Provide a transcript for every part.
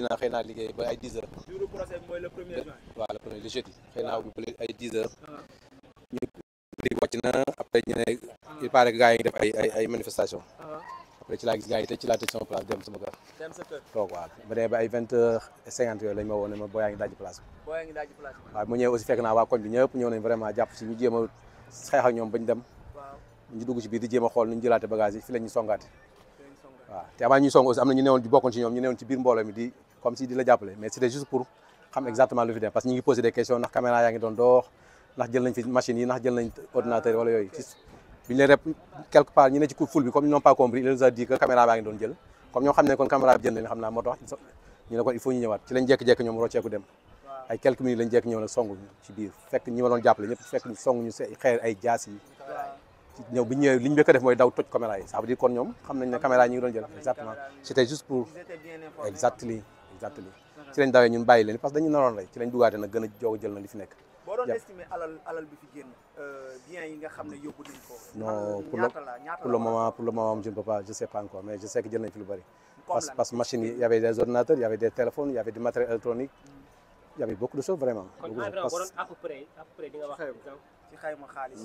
ubbi naa xëy naa liggéey ba ay 10 heures. jour procès bi mooy le premier juin. waaw le premier ba ay 10 ah. na après ñu ne il paraît que gars yi ngi def ay ay ah. ci laa gis gars yi te ci laa sama place dem sama kër. toog waaw ba demee ba ay 20 heures 50 yooyu lañ ma woon ne ma booyaa ngi daaj place bi. booyaa ngi daaj place bi. waaw mu ñëwee aussi fekk naa waa koñ bi ñëpp ñëw nañ vraiment jàpp si ñu jéem a xeex ak ñoom bañ dem. ñu dugg ci a xool nu ñu jëlaate bagage te avant ñuy song am na ñu newoon di bokkoon ci ñoom ñu newoon ci biir mbooloo mi di comme si di la jàppale mais c'était juste pour xam exactement lu fi dem parce que ñu ngi posé des questions ndax caméra yaa ngi doon doox jël nañ fi machines yi ndax jël nañ ordinateur wala yooyu ci bi ñu leen rep quelque part ñi ne ci foule comme ils pas compris il les a dit ñoo ñu ne kon ñu ci biir fekk ñi ma doon jàppale ñëpp fekk songu ñu xeer ay jaas yi ñëw bi ñu ñëwee li a def mooy daw toj caméra yi ça veut kon ñoom xam nañ ne caméra yi ñu gàttali ci lañ dawee ñun bàyyi leen parce que dañu naroon rey ci lañ dugaate nag gën a joog jël na li fi nekk boo euh, pour le pour pour le moment je ne peux je sais pas encore mais je sais que jël nañ fi lu bëri parce parce que machine yi y avait des ordinateurs y avait des téléphones y avait du matériel électronique mm. y avait beaucoup de choses vraiment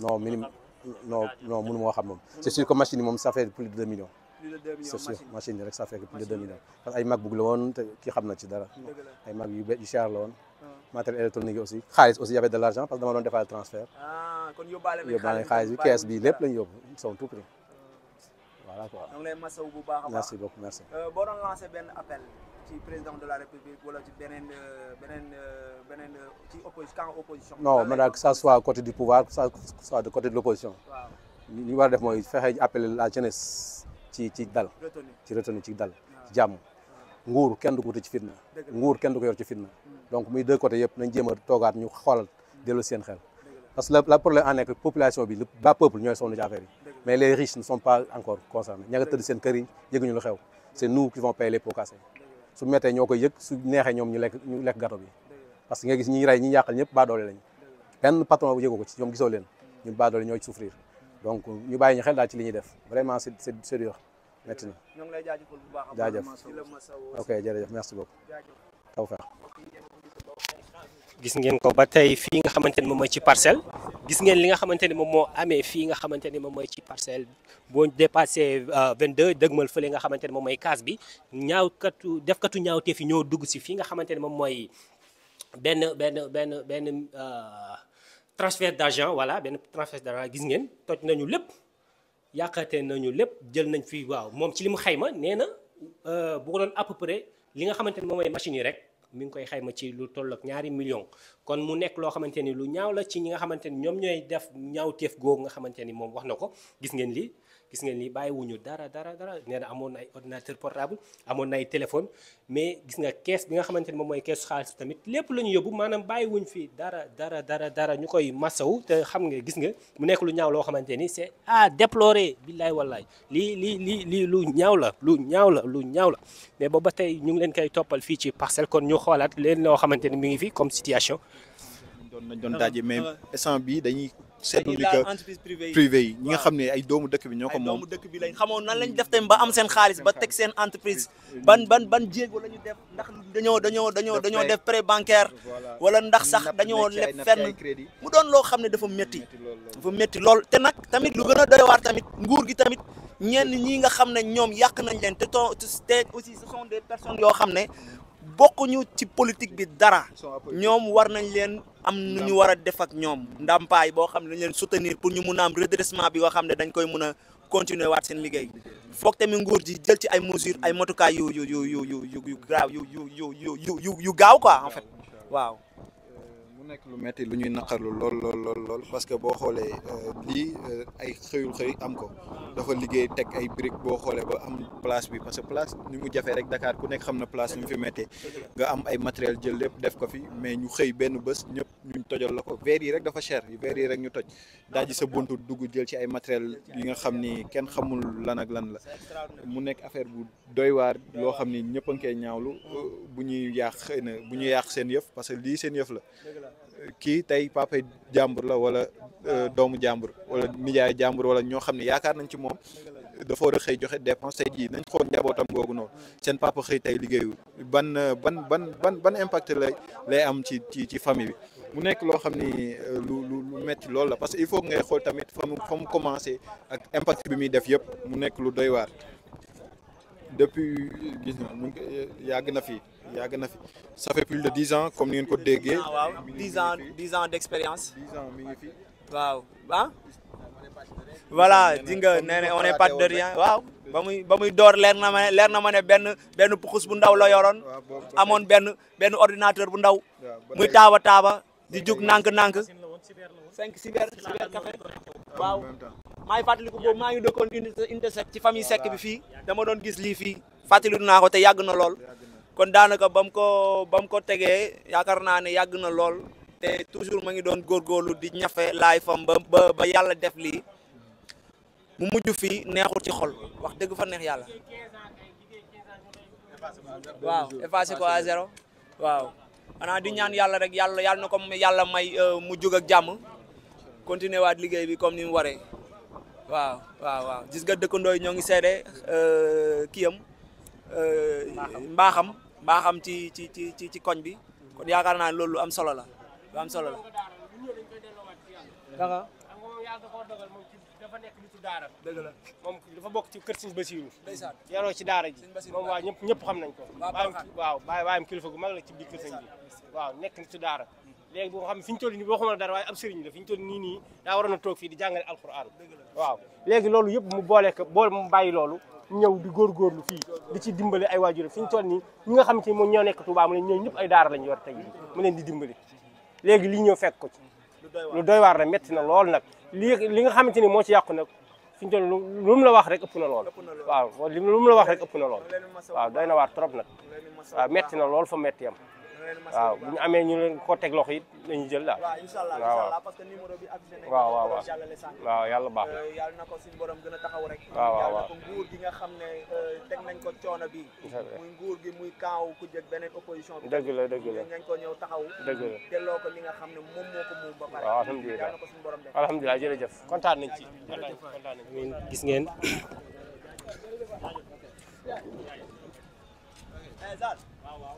non minim non xam moom c'est sûr que machine yi moom ça fait plus de deux millions c'est sûr machine yi rek ça fait plus de deux millions parce que ay MacBook la woon te kii xam na ci dara ay Mac yu yu cher la woon ah. matériel de l'argent parce que dama doon defal transfert ah, yóbbaale xaalis bi kees bi lépp lañu yóbbu ah. a merci beaucoup merci euh, boo doon lancé benn appel ci président de la république wala ci beneen euh, beneen euh, beneen ci opposition camp opposition non man daal que ça soit côté du pouvoir de côté de li war a def mooy fexe appeler la jeunesse ci ci dal ci retenu ci dal ci jàmm nguur kenn du ko yor ci fitna hmm. donc muy deux côtés yëpp nañ jéem a toogaat ñu xoolal hmm. dellu seen xel parce que la problème en est population bi le peuple ñooy sonn ci affaire yi mais les riches ne sont pas encore concernés ña tëdd seen kër yi yëguñu lu xew c'est nous qui vont payer les pots cassés su mettee ñoo koy yëg su neexee ñoom ñu lekk ñu bi parce que nga rey ñi yàqal ñëpp baa doole lañ benn patron bu ko ñoom gisoo leen hmm. donc ñu bàyyi ñu xel daal ci li ñuy def vraiment c'est c'est sérieux métti na jaajëf ok jërëjëf merci beaucoup tawfeex gis ngeen ko ba tey fii nga xamante ni moom mooy ci parcelle gis ngeen li nga xamante ni moom moo amee fii nga xamante ni moom mooy ci parcelle boo dépassé 22 euh, fa fële nga xamante ni moom mooy kaas bi ñaaw katu ñaawkatu defkatu ñaawtee fi ñoo dugg si fii nga xamante ni moom mooy benn benn benn euh, transfert d'argent voilà benn transfert d'argent gis ngeen toj nañu lépp yàqate nañu lépp jël nañ fi waaw moom ci li mu xayma nee na euh, bu ko doon à peu près li nga xamante ni moom mooy machine yi rek mi ngi koy xayma ci lu toll ñaari million kon mu nekk loo xamante ni lu ñaaw la ci ñi nga xamante ni ñoom ñooy def ñaaw ñaawteef googu nga xamante ni moom wax na ko gis ngeen lii gis ngeen nii bàyyiwuñu dara dara dara nee amoon na ay ordinateur portable amoon ay téléphone mais gis nga kees bi nga xamante ne moom mooy keesu xaalis tamit lépp la ñu yóbbu maanaam bàyyiwuñ fii dara dara dara dara ñu koy masawu te xam nga gis nga mu nekk lu ñaaw loo xamante ni c'est à déplorer billaay wallaay lii lii lii lii lu ñaaw la lu ñaaw la lu ñaaw la mais booba tey ñu ngi leen koy toppal fii ci parcelle kon ñu xoolaat leen loo xamante ni mi ngi fi comme situation doon nañ doon daje mais ah instant bi dañuy seetlu ni que entreprise privé yi ñi nga xam ne ay doomu dëkk bi ñoo ko moom doomu dëkk bi lañ xamoon nan lañ def tamit ba am seen xaalis ba teg seen entreprise ban ban ban jéego la ñu def ndax dañoo dañoo dañoo dañoo def prêt bancaire wala ndax sax dañoo leb fenn mu doon loo xam ne dafa métti dafa métti lool te nag tamit lu gën a doy waar tamit nguur gi tamit ñenn ñi nga xam ne ñoom yàq nañ leen te te aussi ce sont des personnes yoo xam ne bokkuñu ci politique bi dara ñoom war nañ leen am nu ñu war a def ak ñoom ndàmpaay boo xam ne dañ leen soutenir pour ñu mun a am redressement bi nga xam ne dañ koy mun a continuer waat seen liggéey foog tamit nguur ji jël ci ay mesures ay motukaay yu yu yu yu yu yu grave yu yu yu yu yu yu gaaw quoi en fait waaw nekk lu metti lu ñuy naqarlu lool lool lool lool parce que boo xoolee euh, lii euh, ay xëyul xëy am ko dafa liggéey teg ay briques boo xoolee ba am place bi parce que place ni mu jafee rek Dakar ku nekk xam na place ni mu fi méttee nga am ay matériel jël lépp def ko fi mais ñu xëy benn bés ñëpp ñu la ko verre yi rek dafa cher verre yi rek ñu toj daaji sa buntu dugg jël ci ay matériel yi nga xam ni kenn xamul lan ak lan la mu nekk affaire bu doy waar loo xam ni ñëpp a ngi koy ñaawlu bu ñuy yàq xëy na bu ñu yàq seen yëf parce que lii seen yëf la kii tey papay jàmbur la wala euh, doomu jàmbur wala nijaay jàmbur wala ñoo xam ne yaakaar nañ ci moom dafa war a xëy joxe dépense tey jii nañ xool njabootam googu noonu seen papa xëy tey liggéeyul ban ban ban ban ban impact lay lay am ci ci ci famille bi mu nekk loo xam ni euh, lu lu lu metti loolu la parce que il faut ngay xool tamit fa mu fa mu ak impact bi muy def yëpp mu nekk lu doy waar depuis gis nga yàgg na fii yàgg na fi ça fait plus de dix ans comme ni ngeen ko déggee. Ah, waaw dix ans dix ans d' waaw ah. voilà di nga nee na on est de rien waaw. ba muy ba muy door leer na ma ne leer na ma ne benn benn puxus bu ndaw la yoroon. amoon benn benn ordinateur bu ndaw. muy taaba taaba di jug nànk-nànk. cinq cyber cyber café waaw. maa ngi boobu maa ngi dëkkoon unité unité sek ci famille sec bi fii dama doon gis lii fii fàttaliku naa ko te yàgg na lool. kon daanaka ba mu ko ba ko tegee yaakaar naa ne yàgg na lool te toujours ma ngi doon góor góorlu di ñafe laay fam ba ba ba yàlla def lii mu mujj fii neexul ci xol wax dëgg fa neex yàlla waaw effacé ko à zéro waaw xanaa di ñaan yàlla rek yàlla yàlla na ko yàlla may euh, mu jóg ak jàmm continuer waat liggéey bi comme ni mu waree waaw waaw waaw gis nga dëkkandoo ñoo ngi seede euh, kiyam euh, mbaaxam baaxam ci ci ci ci ci koñ bi kon yaakaar naa ne loolu lu am solo la am solo la. dara. la moom dafa bokk ci kër Sëñ Basiru ndeysaan yaroo ci daara ji moom waaw ñëpp ñëpp xam nañ ko waaw waaye kilifa gu mag la ci biir kër sëñ bi waaw nekk nitu daara léegi boo xam ne fi ñu toll nii waxuma dara waaye ab sëriñ la fi ñu toll nii nii daa waroon a toog fii di jàngale alquran waaw léegi loolu yëpp mu boole ko boole mu bàyyi loolu ñëw di lu fii di ci dimbale ay waajur fi ñu toll nii ñi nga xam ne moom ñoo nekk Touba mu ne ñëpp ay daara lañu yor tey mu leen di dimbale léegi lii ñëw fekk ko ci lu doy waar la metti na lool nag li li nga xamante ni moo ci yàqu nag fi ñu toll lu mu la wax rek ëpp na lool waaw lu mu la wax rek na lool waaw doy na waar tro nag waaw métti na lool fa métti am waaw bu ñu amee ñu leen ko teg loxo it dañuy jël daal. waaw que numéro bi affiché nañ ko. waaw waaw waaw yàlla baax na. Euh, yàlla na ko suñu borom gën a taxaw rek. waaw waaw yàlla na ko nguur gi nga xam ne euh, teg nañ ko coono bi. muy nguur gi muy kaaw ku jëg beneen opposition bi. dëgg la dëgg la nañ ko ñëw taxaw. dëgg la delloo ko li nga xam ne moom moo ko moom la pare. waaw alhamdulilah yàlla na ko suñu borom def. alhamdulilah jërëjëf kontaan nañ ci. kontaan nañ gis ngeen waaw eh, waaw